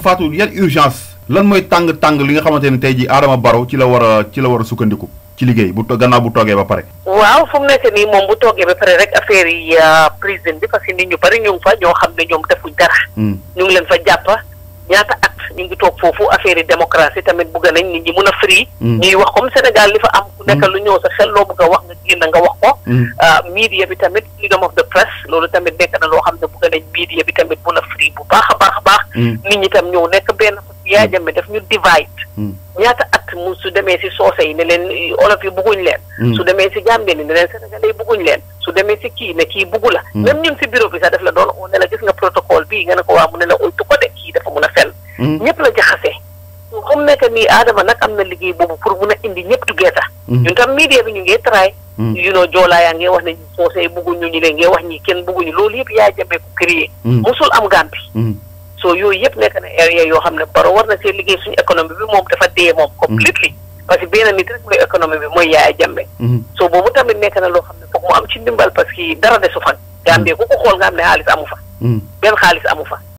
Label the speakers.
Speaker 1: Fatou yan urgence lan moy tang tang li nga xamanteni tay ji Adama baro ci la wara ci la wara a sukkandiku ci liggéey bu ganna bu toge ba pare. waaw fu mu nekk nii moom bu toge ba pare rek affaire yi euh, prison bi parce que nit ñu bari ñu fa ño xam ne ñoom dara. Hmm. ñu ngi len fa japp ñaata at ñu ngi tok fofu affaire yi démocratie tamit bu nañ nit ñi mëna free. Hmm. ñi wax comme Sénégal li fa am. ku nekk hmm. lu ñëw sa xel lo bugg wax nga génn nga wax ko. Euh, media bi tamit freedom of the press lolu tamit nekk na lo xam ne bugg media bi tamit. Mm. nit ñi tam ñëw nekk benn Yaya Jammeh daf ñu divide. Mm. ñaata at mu su demee si soose yi ne leen olof yi bugguñ leen. Mm. su demee si Gambie ni ne leen sénégalais yi bugguñ leen. su demee si kii ne kii buggu la. même ñu si bi sax daf la doon oo ne la gis nga protocole bii nga ne ko la oytu ko de kii dafa mun a fel. ñëpp la jaxase. comme nekk nii Adama nag am na liggéey boobu pour mun a indi ñëpp tugeeta. ñun tam media bi ñu ngi try. yu noo joolaa yaa wax ne soose yi bugguñu ñu leen ngi wax ñi kenn bugguñu loolu yëpp Yaya Jammeh ko créé. musul soo yooyu yëpp nekk na area yoo xam ne Barrow war na see liggéey suñu économie bi moom dafa dee moom completely mm-hmm. parce que benn nit rek mooy bi mooy Yaya Jammeh soo boobu tamit nekk na loo xam ne foog mu am ci ndimbal parce que dara desu fan Gambie ku ko xool nga xaalis amu fa mm-hmm. benn xaalis amu fa